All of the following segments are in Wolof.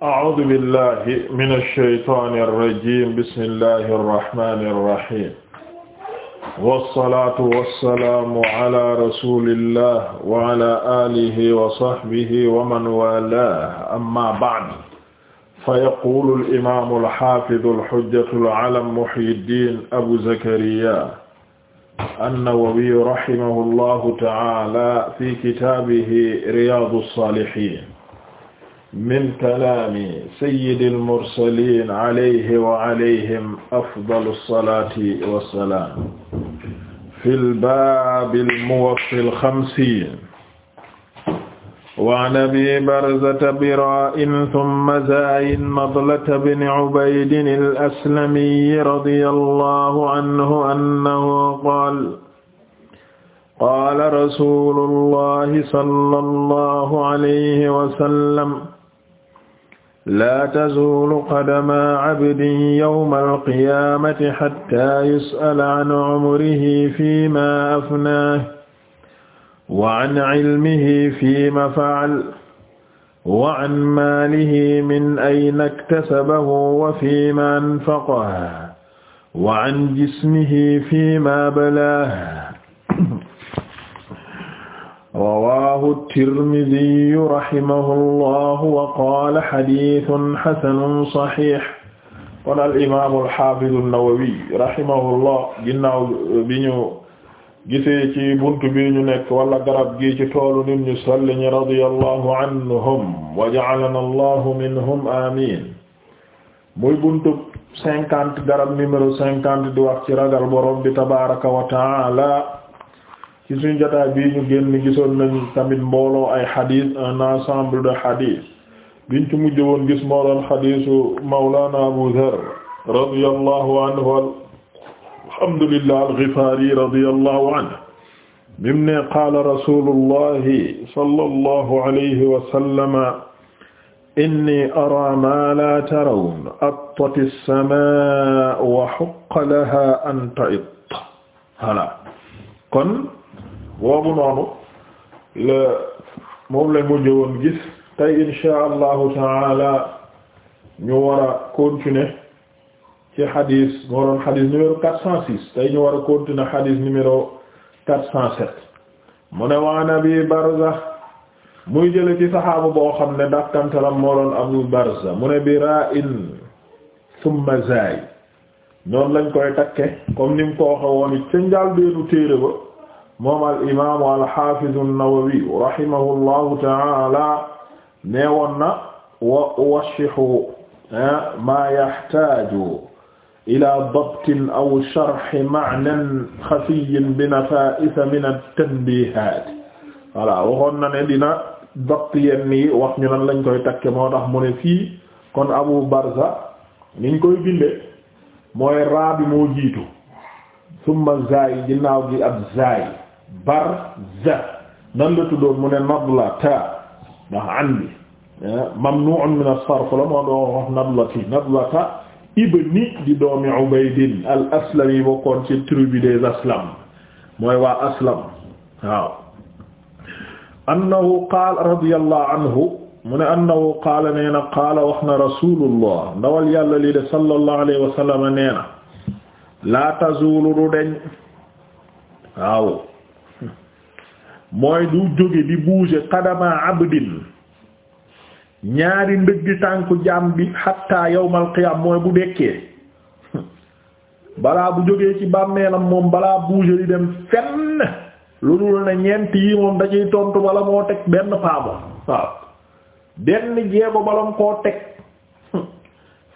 a'uuzu billaahi mina shaytaani rajiim bismillaahi rahmaani rahiim. wasalaatu wasalaamu ala rasuulillah wa ala aalihi wa sahbihi wa man waalaahu amma ba'du. fayaquulu al-imaamu al-haafidu al-hujjatu al-alam Muhyiddin Abu Zakariyaa an-Nawawi rahimahullaahu ta'aalaa fi kitaabihi Riyaadu as-Saalihiin. min kalaami sayyidil mursaliin alayhi wa alayhim afdalu salaati wa salaam fil baabil muwaffil xamsiin wa an abii barzata biraa'in summa zaayin nadlata bni ubaydin al-aslamiyyi radiyallaahu anhu annahu qaala qaala rasuulullaahi sallallaahu alayhi wa sallam laa tazuulu qadamaa cabdin yawma alqiyaamati xattaa yus'ala can cumrihi fiimaa afnaah wa can cilmihi fiimaa facal wa can maalihi min ayna iktasabahu wa fiimaa anfaqahu wa can jismihi fiimaa balaahu rawaahu tirmidiyu rahimahullahu wa qaala xadiisun xasanun saxiix kon al imaamul xaafidu nawawi rahimahullah ginnaaw bi ñu gisee ci buntu bi ñu nekk wala garab gi ci toolu nit ñu sell ñi radiyallahu anhum wa ja'alana allahu minhum amiin muy buntu cinquante garab numéro cinquante di wax ci ragal borom bi tabaaraka wa ta'aala ci suñu jotaay bii ñu génn gisoon nañ tamit mbooloo ay xadis un ensemble de xadis biñ ci mujj woon gis mbooloon xadisu Mawlana Abu Dharr radiyallahu anhu alhamdulillah al-Ghifari radiyallahu anhu bim ne qaala rasulullahi sallallahu alayhi wa sallama inni araa maa laa tarawna attati as-samaa wa haqqa lahaa an ta'itta hala kon boobu noonu la moom la mujj woon gis tey insha allahu taala ñu war a continuer ci xadis moo doon xadis numéro quatre cent six tey ñu war a continuer xadis numéro quatre cent sept mu ne waan abi barza muy jële ci saxaaba boo xam ne dakkantalam moo doon abu barza mu ne bi ra'in thumma zaay noonu lañ koy takke comme ni mu ko waxee woon it ca njaal deenu téere ba moom al imaamu alxafidu nnawawiyu rahimahu llahu taala nee woon na wa uwacihu ah, maa yaxtaaju ila dabtin aw charxi maanan xafiyin bi nafaisa min altanbihat voilà waxoon na ne dina dabt yenn yi wax ñu nan lañ koy takke moo tax mu ne fii kon abu barza niñ koy binde mooy raa bi moo jiitu summa zaay ginnaaw barza nan la tuddoon mu ne nadlata ndax an bi eh, mamnu'un min as-sarf la moo doon wax nadlati nadlata ibni di doomi Ubaydin al aslam yi bokkoon ci tribu des aslam mooy waa aslam waaw annahu qaala radiyallahu anhu mu ne annahu qaala nee na qaala wax na rasulullah ndawal yàlla lii de sallallahu alayhi wa sallam nee na laa tazulu du deñ waaw mooy du jóge di bouger qadama abdin ñaari ndëgg tànku jaam bi hatta yawmal qiyam mooy bu dekkee balaa bu jógee ci bàmmeelam moom balaa bouger di dem fenn lu dul ne ñeent yi moom da tontu bala moo teg benn paamo waaw benn jeego balam koo teg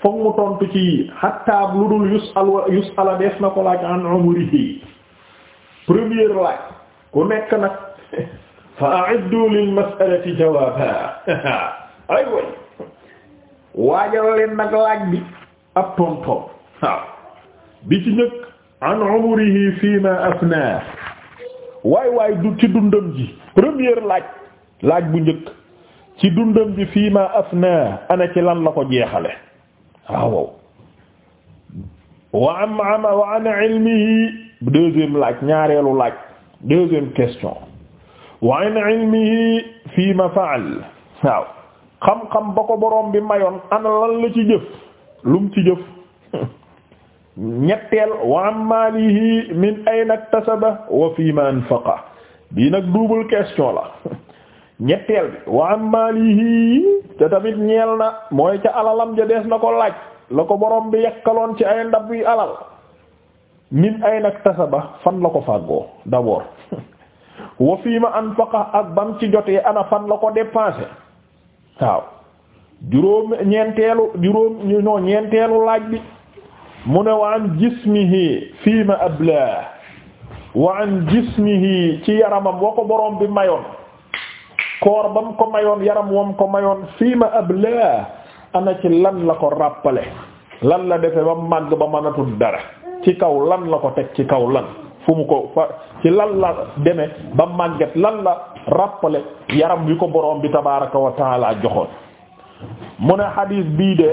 fokk mu tontu ci hatta lu dul yus al yus ala des na ko laaj an umrihi premier laaj ku nekk nag fa a'iddu lil mas'alati jawaaba ay way waajal leen nag laaj bi ab tontom waaw bi ci njëkk an umrihi fii afnaa waay waay ci dundam ji première laaj laaj bu njëkk ci dundam ji fii afnaa ana ci lan la ko jeexale waaw wa am ama wa an ilmihi deuxième laaj ñaareelu laaj deuxième question wa an ilmihi fii ma xam-xam ba ko boroom bi mayoon ana lan la ci jëf lum ci jëf ñetteel wa an min ayna iktasaba wa fii ma anfaqa bii nag double question la ñetteel bi wa an te tamit ñeel na mooy ca alalam ja dees na ko laaj la ko boroom bi yakkaloon ci ay ndab yi alal min ayna iktasaba fan la ko fàggoo d'abord wa fii ma anfaqa ak bam ci jotee ana fan la ko dépensé waaw juróom ñeenteelu juróom ñoo ñeenteelu laaj bi mu ne wa an jismihi fii ma abla wa an jismihi ci yaramam wa ko boroom bi mayoon koor bam ko mayoon yaram wam ko mayoon fii ma abla ana ci lan la ko rappale lan la defe ba màgg ba mënatul dara ci kaw lan la ko teg ci kaw lan fu mu ko fa ci lan la demee ba màgget lan la rappelé yaram wi ko borom bi tabaraka wa taala joxoon mu ne hadis bii de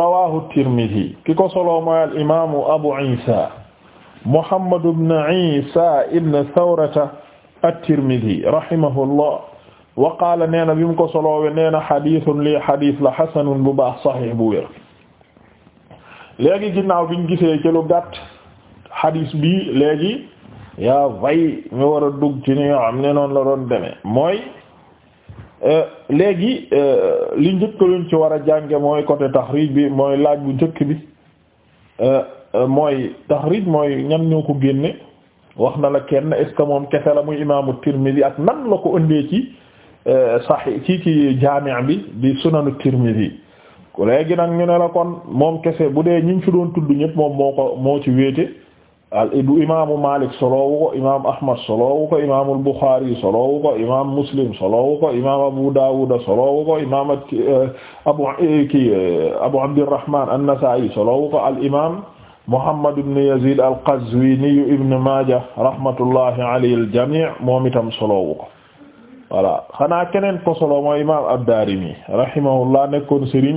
rawahu tirmidhi ki ko soloo mooy al imamu abu isa muhammad ibn isa ibn thawrata at-tirmidhi rahimahullah wa qaala nee bi mu ko solo nee na hadithun lii hadith la hasanun bu baax sahih bu wér léegi ginnaaw biñ gisee ci lu gàtt hadis bi léegi yaa vay mi war a dugg ci ni yoo xam ne noonu la doon demee mooy euh, léegi euh, li njëkk luñ ci war a jànge mooy côté taxrij bi mooy laaj bu njëkk bi euh, mooy taxrij mooy ñan ñoo ko génne wax na la kenn est ce moom kese la muy imaamu Tirmidhi ak nan la ko ëndee ci sax ci ci jaami' bi di sunanu Tirmidhi léegi nag ñu ne la kon moom kese bu dee ñu ñu fi doon tudd ñëpp moom moo ko moo ci wéete al du imaamu Malik soloowu ko imaamu Ahmad soloowu ko imaamul Bukhari soloowu ko imaamu Muslim soloowu ko imaamu Abu Dawud soloowu ko imaamu eh, abu eh, kii eh, abu Abdirrahman an-Nasa'i soloowu ko al imaam Muhammad ibn Yazid al-Qazwini ibn Majah rahmatullahi alayhi al-jami' moom itam soloowu ko voilà xanaa keneen ko soloo mooy imaam ad-Darimi rahimahullah nekkoon sëriñ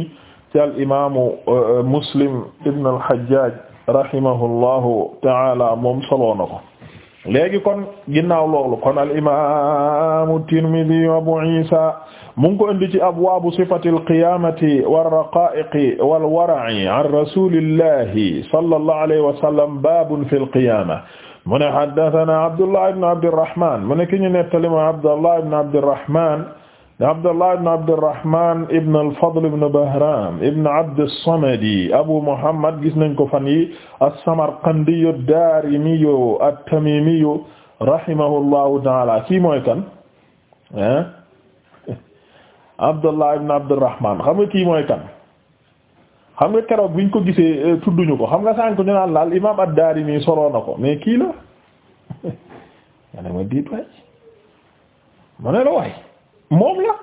ci al imaamu Muslim ibn al-Hajjaj rahimahullahu taala moom soloo na ko léegi kon ginnaaw loolu kon al imaamu Tirmidi Abu Isa mu ngi ko indi ci abwaabu sifatil qiyaamati war raqaa'iqi wal wara'i an rasuulillahi sallallahu alayhi wa sallam baabun fil qiyaama mu ne haddasanaa Abdullah ibn Abdirrahman mu ne ki ñu nettali ma Abdullah ibn Abdirrahman Abdullah ibn Abdurrahman samadi Abu Muhammad gis nañ ko fan yi as-Samarqandi ad-Darimi at-Tamimi rahimahullahu ta'ala kii mooy kan ah Abdullah ibn Abdurrahman xam nga kii mooy kan xam nga keroog biñ ko gisee eh, tudduñu ko xam nga sànq ñu naan laal imaam ad-Darimi soloo na ko mais kii la ma ne ma diit waay ma ne la waay moom la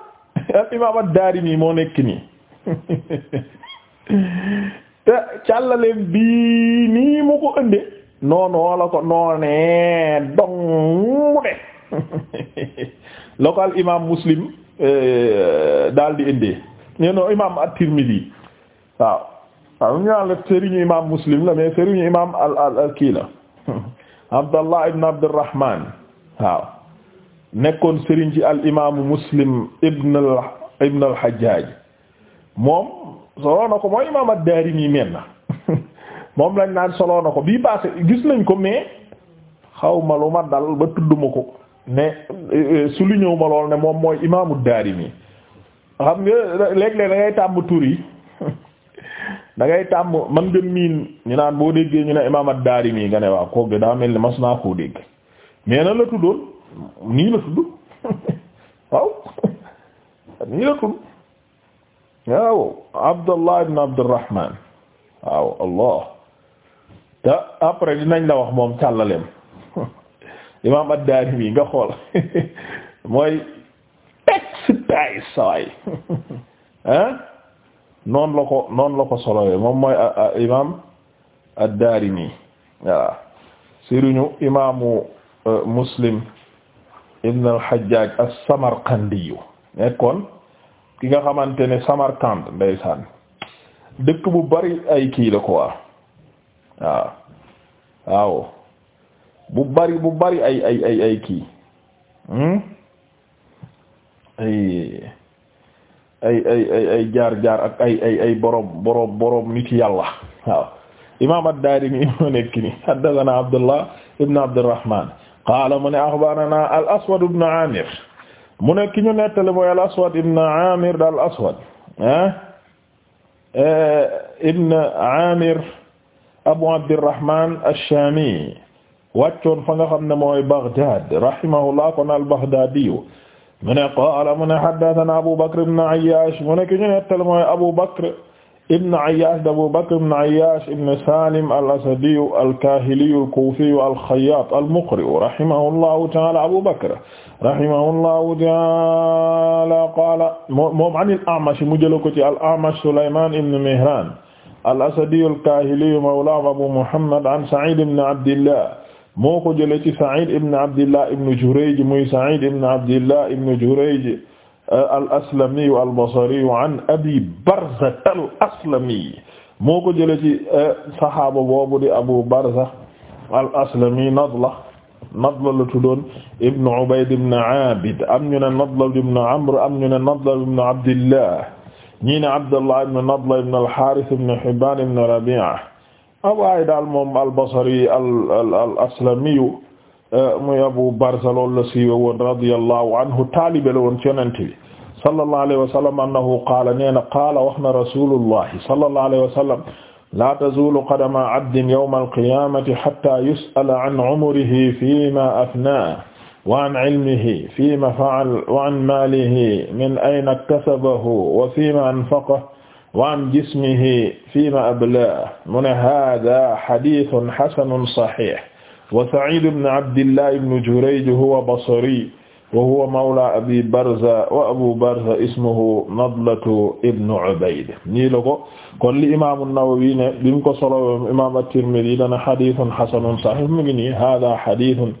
al imaam ad-Daarimi moo nekk nii te càllaleen bii nii mu ko ënde noonu la ko noonee dong de la ko al imaam Muslim eh, daal di indee nee no imaam at-Tirmidhi waaw waaw ñu naan la imaam Muslim la mais sëriñu imaam al al kii la Abdallah ibn Abdurrahman nekkoon sëriñ ci al imaamu muslim ibn al ibn al hajjaaj moom solo na ko mooy imaam ad-Daarimi meen na moom lañ naan solo na ko bii passé gis nañ ko mais xaw ma lu ma dal ba tudduma ko ne euh, euh, su lu ñëw ma lool ne moom mooy imaamu ad-Daarimi xam nga léeg-léeg da tàmm tur yi da ngay tàmm man nga miin ñu naan boo déggee ñu ne imaam ad-Daarimi nga ne waa kooku daa mel ni mas naa koo dégg mais na la tuddoon nii la tudd waaw nii la tudd waaw Abdallah ibn Abdurrahman waaw allah te après dinañ la wax moom càllaleem imam ad-Daarimi nga xool mooy extase saway hein moom mooy imam ad-Daarimi waaw sëriñu imaamu euh, Muslim ibn al-Hajjaj as-Samarqandi nekkoon ki nga xamante ne Samarqand ndeysaan dëkk bu bari ay kii la ko waaw waaw bu bari bu bari ay ay kii hmm? ay ay ay jaar jaar ak ay ay ay borom borom borom nit yàlla waaw imaam ad-Daarimi moo nekk ni haddathana Abdullah ibn Abdurrahman qaala mu ne axbarana al aswad ibn amir mu ne ki ñu nettali mooy al aswad ibn amir daal aswad ah eh, ibn amir abu abdirrahman ash-shami wàccoon fa nga xam ne mooy baghdad rahimahullah kon al baghdadi mu ne qaala mu ne haddathana abu bakr ibn ayyash mu ne ki ñu nettali mooy abu bakr Ibn Ayyash da Abu Bakr ibn Ayyash ibn Salim al-Asadiyu al-Kahiliyu al-Kufiyu al-Khayyat al-Muqri'u rahimahullahu ta'ala Abu Bakr rahimahullahu ta'ala qaala moom an al-A'mash mu jël ko ci al-A'mash Sulayman ibn Mihran al-Asadiyu al-Kahiliyu mawla Abu Muhammad an Sa'id ibn Abdillah moo ko jëlee ci Sa'id ibn Abdillah ibn Jurayj muy Sa'id ibn Abdillah ibn Jurayj al-Aslami al-Basri an Abi Barza al-Aslami moo ko jëlee ci eh, saxaaba boobu di Abu Barza al-Aslami Nadla Nadla la tuddoon Ibn Ubayd ibn Abid am ñu ne Nadla ibn Amr am ñu ne Nadla ibn Abdillah ñii ne Abdallah ibn Nadla ibn al-Harith ibn Hibban ibn Rabi'a waaye daal moom al-Basri al-Aslami Euh, muy Abu Barza loolu la siiwe woon radiyallahu anhu taalibe la woon ci yonent bi sallallahu alayhi wa sallam annahu qaala nee na qaala wax na rasulullahi sallallahu alayhi wa sallam laa tazuulu qadama abdin yawma alqiyamati hatta yus'ala an umrihi fiima afnaahu wa an ilmihi fiima fa'ala wa an maalihi min ayna iktasabahu wa fiima anfaqahu wa an jismihi fiima ablaahu mu ne haaza hadiisun hasanun sahiih wa Sa'id ibn Abdillah ibn Jurayj huwa basri wa huwa mawla Abi Barza wa Abu Barza ismuhu Nadlatu ibn Ubayd nii la ko kon li imaamu Nawawi ne bi mu ko solo imaam at-Tirmidhi dana xadiisun xasanun saxiix mu ngi nii haaza xadiisun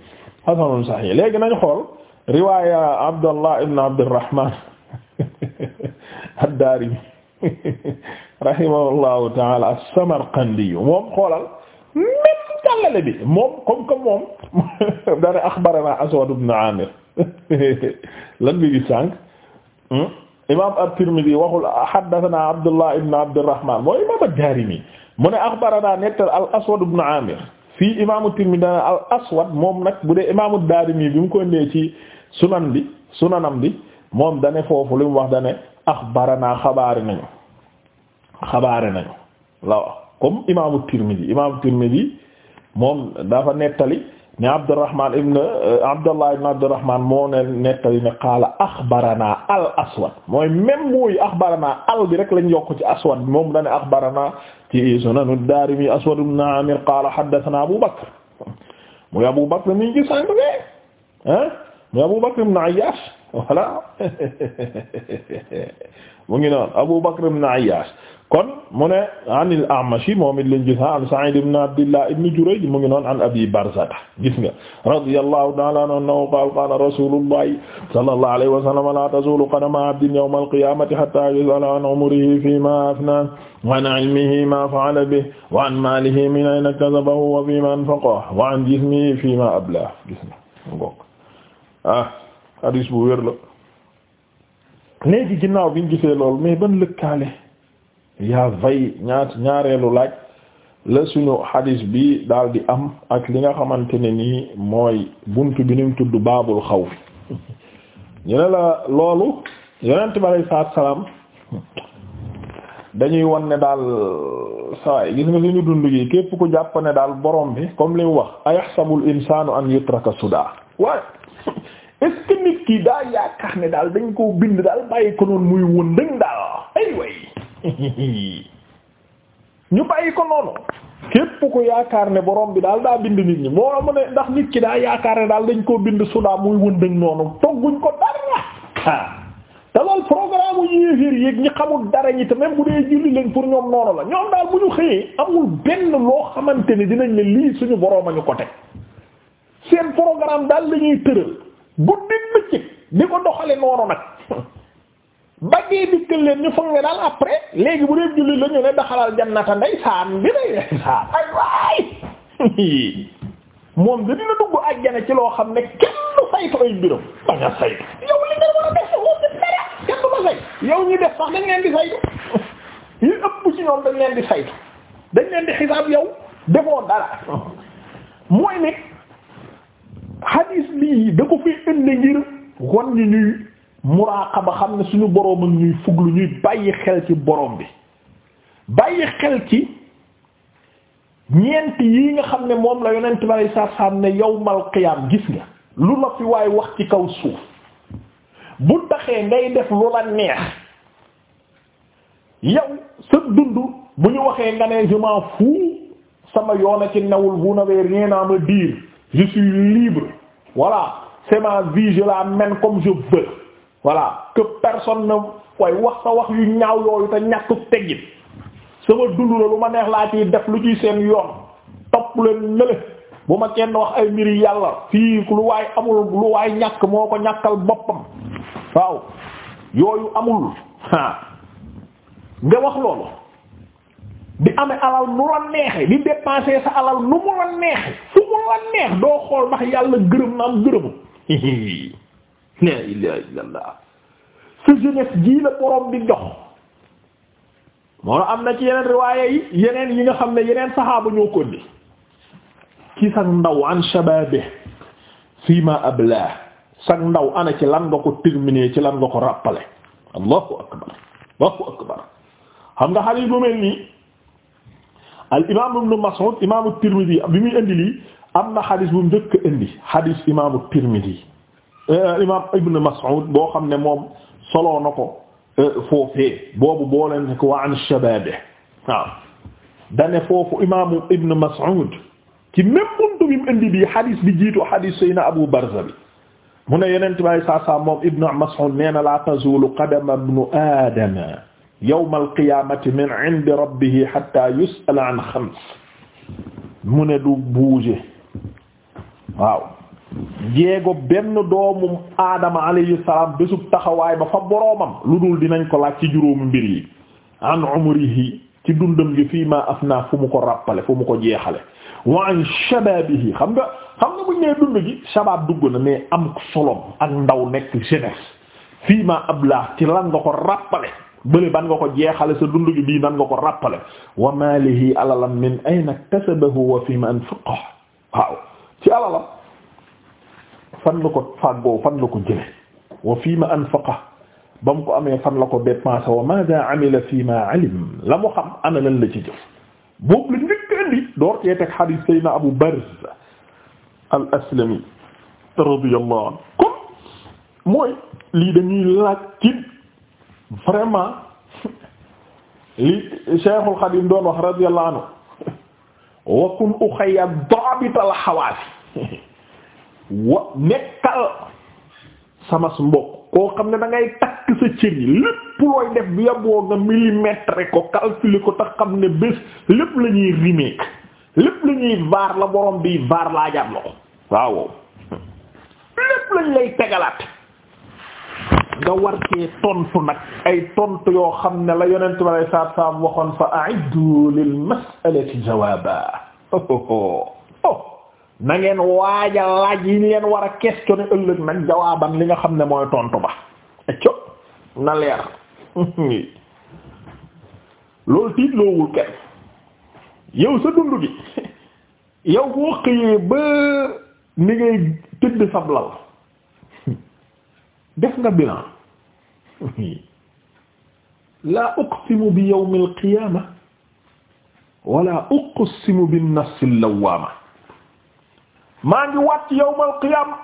xasanun saxiix léegi nañu xool riwaaya Abdallah ibn Abdirrahman ad-Daarimi rahimahullahu ta'aala as-Samarqandi moom xoolal. jàllale bi moom comme que moom dana axbarana Aswad ibn Amir lan nga gis sànq hmm? imam at-Tirmidhi waxul haddathana Abdullah ibn Abdurrahman mooy imam ad-Darimi mu ne axbarana nettal al Aswad ibn Amir fii imam at-Tirmidhi al Aswad moom nag bu dee imam ad-Darimi bi mu ko ndee ci sunan bi sunanam bi moom dane foofu li mu wax dane axbarana xabaari nañu xabaare nañu la wax comme imam at-Tirmidhi imam at-Tirmidhi moom dafa nettali ne Abdurrahman ibn euh, Abdullah ibn nettali ne qaala axbarana al aswad mooy même mooy axbarana al bi rek lañ yokk ci aswad moom dane axbarana ci sunan ad-Darimi aswad ibn Amir qaala haddathana Abu Bakr muy mi ngi sànq de ah muy Abu Bakr ibn Ayyash voilà mu ngi noonu Abu kon mu ne an il A'mashi moom it lañ gis an Sa'id ibn Abdillah ibn Jurayj mu ngi noon an Abi Barzata gis nga radiyallahu ta'ala anhu qaala qaala rasulullahi sallallahu alayhi wa sallam la tazulu qadama abdin yawma al-qiyamati hatta yus'ala an umrihi fima afna wa an ilmihi ma fa'ala bihi wa an malihi min ayna iktasabahu wa fima anfaqahu wa an jismihi fima ablahu gis nga ngok ah hadis bu wér la léegi ginnaaw biñ gisee lool mais ban lëkkaale yaa vay ñaat ñaareelu laaj la suñu xadis bi daal di am ak li nga xamante ne nii mooy bunt bi ñu tudd baabul xawf ñu ne la loolu yonent bi alay salaam dañuy won ne daal sawaay gis nga suñu dund gi képp ku jàpp ne daal borom bi comme li mu wax ayaxsabul insaanu an yutraka suda waaye est-ce que daa yaakaar ne daal dañ koo bind daal bàyyi ko noonu muy wëndëng daal ay ñu bàyyi ko noonu képp ko yaakaar ne boroom bi daal daa bind nit ñi moo amu ne ndax nit ki daa yaakaar ne daal dañ koo bind sudaa muy wëndëng noonu togguñ ko dara te lool programme u yéeféer yéeg ñi xamul dara ñi te même bu dee julli lañ pour ñoom noonu la ñoom daal bu ñu xëyee amul benn loo xamante ni dinañ ne lii suñu borom a ñu ko teg seen programme daal lañuy tëral guddi bëccëg di ko doxale noonu nag ba dee dikkal leen ñu foog ne daal après léegi bu dee julli la ñu ne daxalal jannata ndey saan bi day day saan ay waay moom da dina dugg àjjana ci loo xam ne kenn saytu ay mbiram bañ a saytu yow li def saxoon ñu def sax dañ leen di saytu yi ëpp ci ñoom dañ leen di saytu dañ leen di xisaab yow defoo dara mooy ne hadis bii da ko fi indi ngir won ñu ñuy muraqaba xam ne suñu boroom ak ñuy fuglu ñuy bàyyi xel ci boroom bi bàyyi xel ci ñeent yi nga xam ne moom la yonent bi alay saa saam ne yawmal qiyaam gis nga lu la fi waaye wax ci kaw suuf bu taxee ngay def lu la neex yow sa dund bu ñu waxee nga ne je m'en sama yoon a ci newul vous n'avez rien à me je suis libre voilà c'est ma vie je la comme je veux voilà que personne ne koy wax sa wax yu ñaaw yooyu te ñàkku teggin sama dund la lu ma neex laa ciy def lu ciy seen yoon topp leen nële bu ma kenn wax ay mbiri yàlla fii lu waay amul lu waay ñàkk moo ko ñàkkal boppam waaw yooyu amul ah nga wax loolu di amee alal nu la neexe di dépenser sa alal nu mu la neexe fu mu la neex doo xool ndax yàlla gërëm na am gërëmu la ilaha illallah sa jeunesse jii la borom bi jox moo am na ci yeneen riwaaye yeneen yi nga xam ne yeneen saxaaba ñoo ko indi sag ndaw an shababe fii ma ablah sag ndaw ana ci lan nga ko ci lan nga ko rappeler allahu akbar allahu akbar xam nga xale bu mel nii al imam ibn Mas'ud imam at-Tirmidhi bi muy indi lii am na xadis bu njëkk indi xadis imam at-Tirmidhi Euh, imam ibn Mas'ud boo xam ne moom soloo na ko euh, foofee boobu boo leen rek wa an shababe waaw dane foofu imaamu ibn Mas'ud ci même buntu bi mu indi bii hadis bi jiitu hadis sayna Abu Barza bi mu ne yeneen tubaab saa saa moom Ibn Mas'ud nee na laa tazulu qadama ibn Aadama yawmal qiyaamati min indi rabbihi hatta yus'ala an xams mu ne du bouger waaw. jeego benn doomu aadama alayhi salaam bésub taxawaay ba fa boroomam lu dul dinañ ko laaj ci juróomi mbir yi an umrihi ci dundam gi fii ma afna fu mu ko ràppale fu mu ko jeexale wa an shababihi xam nga xam nga buñ nee dund gi shabab dugg na mais am solom ak ndaw nekk jeunesse fii ma abla ci lan nga ko ràppale bële ban nga ko jeexale sa dund gi bii nan nga ko ràppale wa malihi alalam min ayna iktasabahu wa fii waaw ci alalam fan la ko fàggoo fan ko jële wa fii ma anfaqa ba mu ko amee fan la ko dépensé wa maada amila fii ma alim la mu xam ana lan la ci jëf boobu la njëkk indi door cee teg xadiis Abu Barz al aslami radiyallahu anhu kon mooy lii dañuy laaj ci vraiment li Cheikhul Xadim doon wax radiyallahu anhu wa kun uxayya daabital xawaasi wa nekkal sama mbokk koo xam ne dangay ngay takk sa cër yi lépp looy def bi yaboo nga millimètre ko calculer ko tax xam ne bés lépp la ñuy rimeek lépp la ñuy vaar la borom bi vaar laa jàpp la ko waaw lépp lañ lay tegalaat nga war tontu nag ay tontu yoo xam ne la yonent bi alay saab saab waxoon fa a'iddu lil mas'alati jawaaba oh, oh, oh. na ngeen waaja laaj yi leen war a questionné ëllëg nag jawaaban li nga xam ne mooy tontu ba acco na leer loolu tiitloowul kenn yow sa dund gi yow boo xëyee ba ni ngay tëdd sablal def nga bilan la uqsimu bi yawmil qiyamah wala uqsimu bin nafsil lawwama maa ngi waat ci yawmal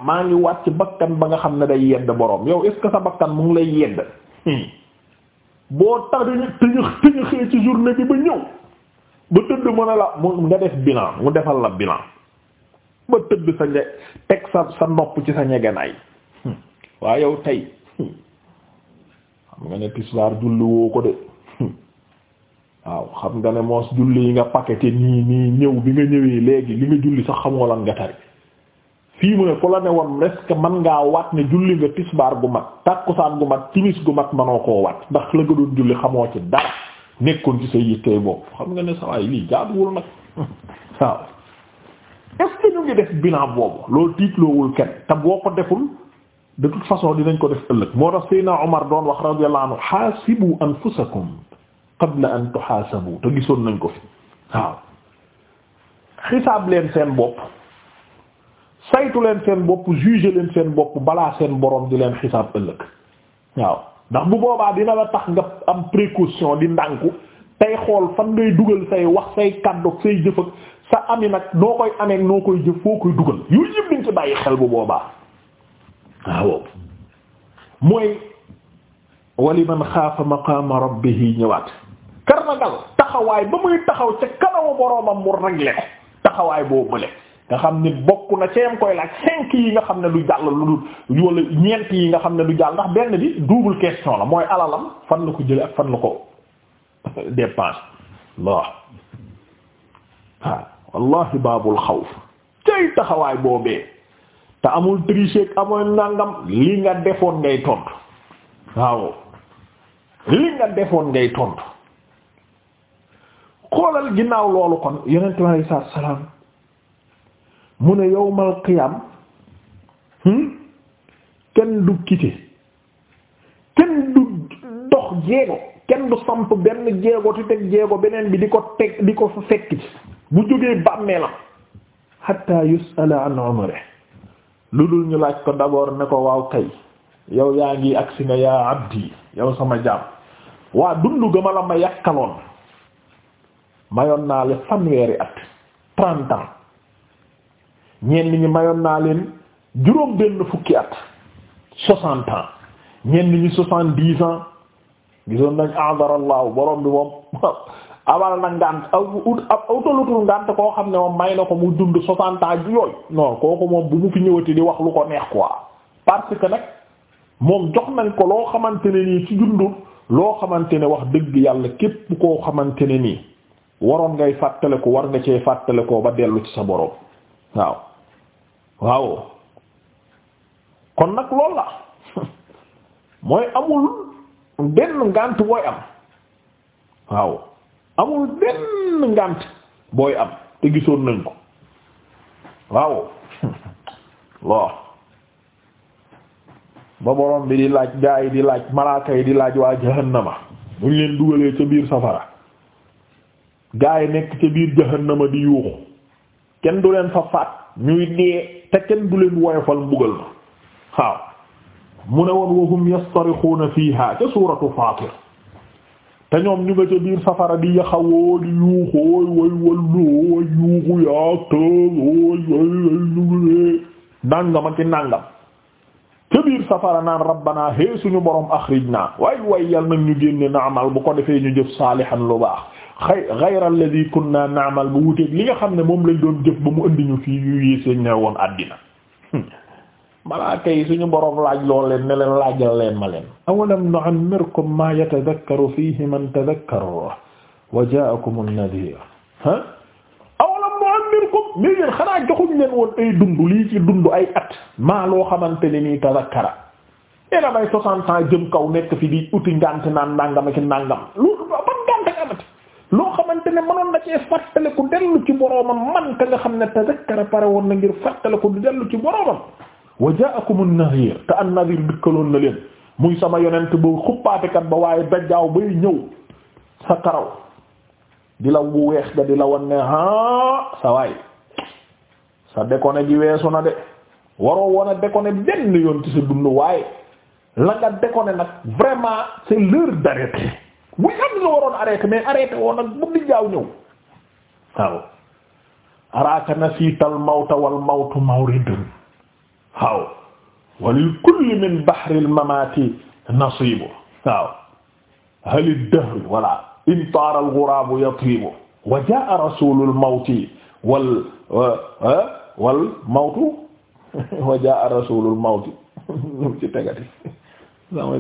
maa ngi waat ci bakkan ba nga xam ne day yedd boroom yow est sa bakkan mu ngi lay yedd boo tax dañu tëñëx tëñëxee ci journée bi ba ñëw ba tëdd mën a la mu nga def bilan mu defal la bilan ba tëdd sa nje teg sa sa nopp ci sa ñeganaay waa yow tey xam nga ne tisbaar julli woo ko de waaw xam nga ne moo julli yi nga paqueté nii nii ñëw bi nga ñëwee léegi li nga julli sax xamoo lan nga tari fii mu ne ku la ne woon est-ce que mën ngaa waat ne julli nga tisbaar gu mat tàkkusaan gu mat timis gu mat manoo koo waat ndax la nga doon julli xamoo ci dara nekkoon ci sa yittee bopp xam nga ne sa waay lii jaaduwul nag waaw est-ce ngi def bilan boobu loolu tiitloowul kenn te boo ko deful de toute façon dinañ ko def ëllëg moo tax Seydina Omar doon wax qabla an tuhaasabu te gisoon nañ ko fi waaw xisaab leen seen bopp saytu leen seen bopp juger leen seen bopp balaa seen boroom di leen xisaab ëllëg waaw ndax bu boobaa dina la tax nga am précaution di ndànku tey xool fan ngay dugal say wax say kaddu say jëf ak sa ami nag noo koy amee noo koy jëf foo koy dugal yu yëpp dañ ci bàyyi xel bu boobaa waaw mooy wali xaafa maqaama rabbihi ñëwaat karnagal taxawaay ba muy taxaw ca kanamu boroomam mu réglé ko taxawaay boo bële nga xam ni bokk na ca yam koy laaj cinq yi nga xam ne du jàll lu dul wala ñeent yi nga xam ne du jàll ndax benn bi double question la mooy alalam fan la ko jële ak fan la ko dépense waaw wallahi baabul xaw cay taxawaay boobee te amul tricher amul nangam li nga defoon ngay tontu waaw li nga defoon ngay tontu xoolal ginnaaw loolu kon yonent bi alayhi salaam mu ne yawmal qiyaam hmm? kenn du kite kenn du dox jéego kenn du samp benn jéego ti teg jéego beneen bi di ko teg di ko fa fekk bu jógee bàmmeelam hatta yus'ala an dul ñu laaj ko d'abord ne ko waaw kay yow yaa ngi agsi nga yaa abdi yow sama jaam waa dundu gëma la ma yàkkaloon mayoon naa la fanweeri at trente mayoon naa leen juróom benn fukki at soixante ans ñenn ñi soixante dix ans gisoon nañ adarallahu borom bi moom abal na ngànt aw ut utalutul ngànt koo xam ne moom may na ko mu dund soixante ans ju yooyu non kooku moom bu mu fi ñëwati di wax lu ko neex quoi parce que nag moom jox nañ ko loo xamante ne nii ci dund loo xamante ne wax dëgg yàlla képp koo xamante ne nii waroon ngay fàttaliku war nga cee fàttalikoo ba dellu ci sa boroom waaw waaw kon nag loolu la mooy amul benn ngànt booy am waaw amul benn te gisoon nañ ko waaw lo ba boroom bi di laaj gaa yi di laaj malaaka yi di laaj waa jahannama buñ leen dugalee ca biir safara gaa yi nekk ca biir jahannama di yuuxu kenn du leen fa faat ñuy dee te kenn du leen woyofal mbugal ma waaw mu ne woon wa hum yastarixuuna fiiha ca suuratu faatir te ñoom ñu nga ca biir safara di yaxawoo di yuuxooy way wallooy yuuxu yaa tëgooy way nàngama ki nàngam ca biir safara naan rabbanaa hee suñu borom axrijnaa way way yal nag ñu génne na bu ko defee ñu jëf saalihan lu baax xay ghayra alladhi kunna na'mal bu wuteeg li nga xam ne moom lañ doon jëf ba mu indi ñu fii yu yéesee ne woon àddina hmm. malaaka yi suñu boroom laaj lool leen ne leen laajal leen ma leen awalam nu'ammirkum ma yatadhakkaru fihi man tadhakkara wa ja'akum an-nadhir ha awalam nu'ammirkum mais yéen xanaa joxuñ leen woon ay dund lii ci dund ay at maa loo xamante ne nii tadhakkara yéena may soixante ans jëm kaw nekk fi di uti ngante naan nàngama ki nàngam loo xamante ne mënoon na cee fàttaliku dellu ci boroomam man ka nga xam ne tazakkara pare woon na ngir fàttaliku dellu ci boroomam wa ja'akum an-nadhir te an-nadhir dikkaloon na leen muy sama yonent ba xuppaatekat ba waaye dajjaaw bay ñëw sa karaw di la wu weex ga di la wan ne ah sa waay sa déconné ji weesu na de waroo woon a déconné benn yoon ci sa dund waaye la nga déconné nag vraiment seen l'heure d'arrêter weexam la waroon arrêté mais arrêté woon nag bu di jaaw ñëw waaw araaka nasiital mawta wal mawtu mawridun waaw walil kulli min bahril mamaati nasiibu waaw halid dahr wala in taara al ghuraabu yatiibu wa jaa rasuulul mawti wal eh, eh, wal mawtu wa jaa rasuulul mawti ci tegati sama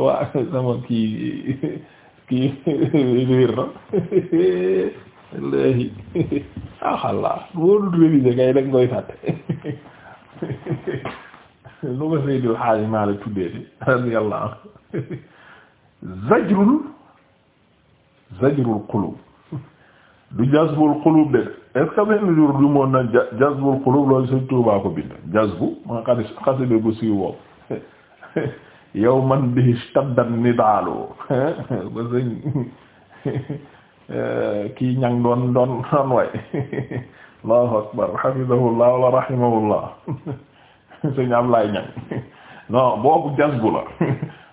waa sama kii kii liir na léegi axalla boo dul révisé kay dag ngoy fàtte lu ko Seydil Haaji Maalik tuddee bi radiyallahu anhu zajrul zajrul qulub du jazbul qulub de est-ce que benn jour du moon na jazbul qulub loolu Sëriñ Tuubaa ko bind ma xasi xasi bu siiw yow man bihi istaddan nidaalu ba sëñ kii ñang doon doon doon way allahu akbar hafizahullah wala rahimahullah sëñ Ablaay ñang non boobu jazbu la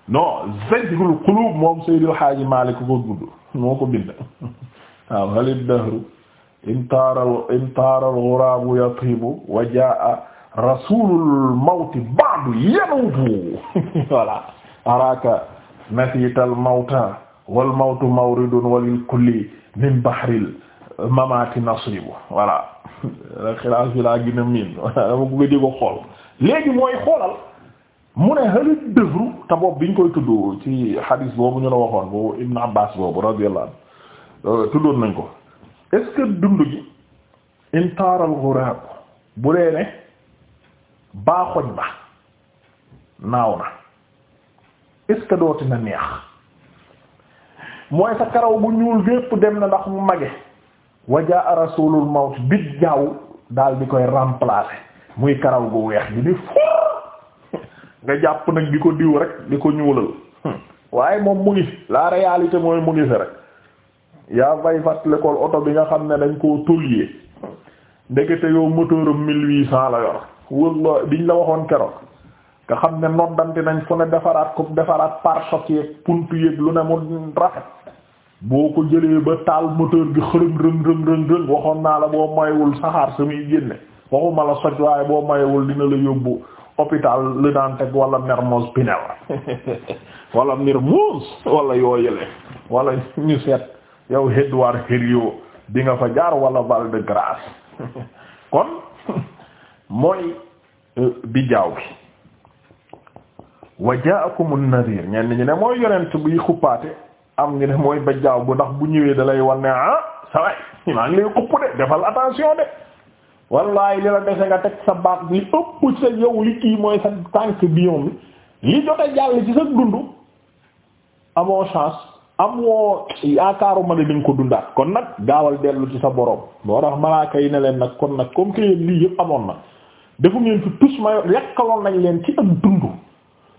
non zajrul qulub moom Seydil Haaji Maalik ko gudd moo ko bind waaw halid dahru imtaara imtaara al-ghuraabu yatiibu wa jaa'a rasulul mawti ba'du yamutu voilà araka nasiital mawta wal mawtu mawridun walil kulli min bahril mamaati nasibu voilà xilaas bi miin dama ko léegi mooy xoolal mu ne halit dëfru te boobu biñ koy tudd ci hadis boobu ñu la waxoon boobu Ibn Abbas boobu radiyallahu anhu euh, tuddoon nañ ko est-ce que dund gi intaaral bu dee ne baaxoñ ba naaw na est dooti na neex mooy sa karaw bu ñuul gépp dem na ndax mu mage wajaa rasulul mawt bit jaaw daal di koy remplacer muy karaw bu weex gi di fóor nga jàpp nag di ko diw rek di ko ñuulal hmm. waaye moom mu ngi la réalité mooy mu ngi fi rek yaa fay fàttalikoo oto bi nga xam ne dañ koo tôlier ndekete yow moteur am mille huit cent la yor walla biñ la waxoon keroog nga xam ne noddante nañ fu ne defaraat ko defaraat pare-choc yeeg puntu yeeg lu ne mu rafet boo ko jëlee ba taal moteur gi xërëm rëm rëm rëm waxoon naa la boo mayewul saxaar samuy génne waxuma la soj waaye boo mayewul dina la yóbbu hôpital Le Dantec wala Mermoz Pinel wala Mermoz wala yooyele wala ñu seet yow Edouard Herriot di fa jaar wala Val de Grâce kon mooy bijaaw euh, bi wa ja'akumu an-nadhir ñenn ñi ne mooy yonent bi xuppaate am ñu ne mooy bajaaw bu ndax bu ñëwee dalay wan ne ah saway maa ngi lay de defal attention de wallahi li la dese nga teg sa baat bi ëpp sa yow li kii mooy sa tànk bion bi li jot a jàll ci sa dund amoo chance amoo yaakaaruma ne di ko dundaat kon nag gaawal dellu ci sa borom boo tax malaaka yi leen nag kon nag comme que lii yëpp amoon na defu ngeen fi tus ma yàqaloon nañ leen ci am dund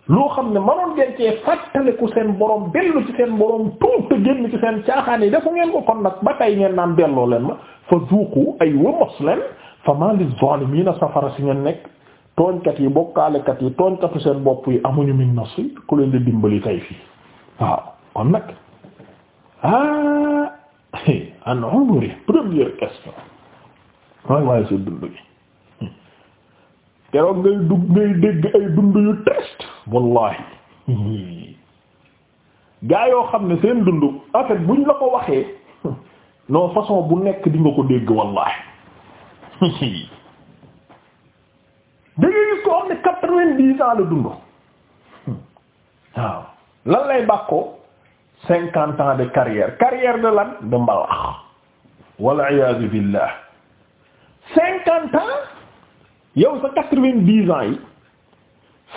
loo xam ne manoon ngeen cee ku seen borom dellu ci seen borom tuub te génn ci seen caaxaan yi dafa ngeen ko kon nag ba tey ngeen naan delloo leen ma fa zuuqu ay wa mos leen fa ma li zaalimiina safara si ngeen nekk tooñkat yi bokkaalekat yi tooñkatu seen bopp yi amuñu min nasir ku leen di dimbali tay fii waaw kon nag ah an umri première question waaye waaye seen dund gi keroog ngay dugg ngay dégg ay dund yu triste wallahi gaa yoo xam ne seen dund en fait buñ la ko waxee non façon bu nekk di nga ko dégg wallahi da ngay ko xam ne quatre-vingt-dix ans la dund waaw lan lay bàkkoo cinquante ans de carrière carrière de lan de mbalax wal iyaazu billah cinquante ans yow sa quatre-vingt-dix ans yi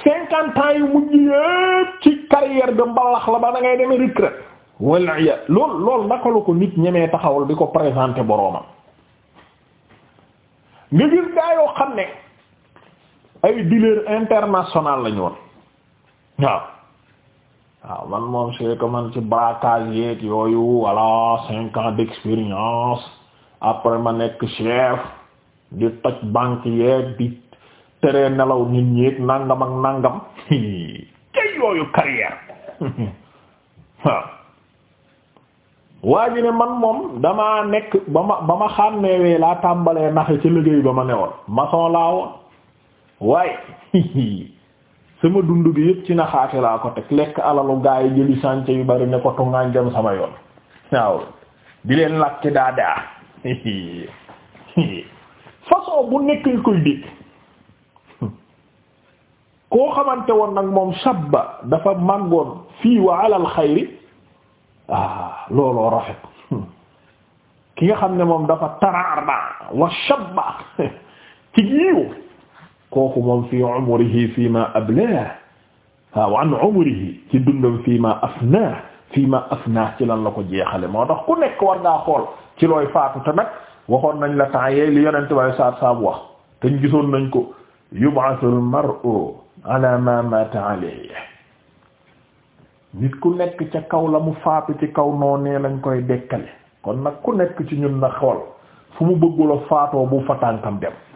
cinquante ans yu mujj yépp ci carrière de mbalax la ba da ngay demee walla ya loolu loolu naka ko nit ñemee taxawal di ko présenter boroomam nga gis gaa yoo xam ne ay dealer international lañu woon waaw waaw man moom c'est que man ci braquage yeeg yooyu voilà cinq ans d'expérience après ma nekk chef di toj banque yeeg di teree nelaw nit ñeeg nangam ak nangam ca yooyu carrière waa ji ne man moom damaa nekk ba ma ba ma xàmmeewee laa tàmbalee naxe ci liggéey ba ma newoon maçon laa woon waaye sama dund bi yëpp ci naxaate laa ko teg lekk alalu gaa yi jëli sànce yu bari ne ko tungaañ dem sama yoon waaw di leen lakk daa façon nekk nga koy koo xamante woon moom shabba dafa màngoon fii wa alal xayri ah, nga xam ne moom dafa taraar wa kooku moom fii umrihi fii ma ablah waaw an umrihi ci dundam fii ma afnaa fii ci lan la ko jeexale moo dax ku nekk war ngaa xool ci looy faatu te nag waxoon nañ la temps yey li yonent way saab saab wax te ñu gisoon nañ ko yub'athu al-mar'u ala ma mata nit ku nekk ca kaw la mu faatu ci kaw noonee lañ koy dekkale kon nag ku nekk ci ñun na xool fu mu bëggula faatoo bu fa tànkam dem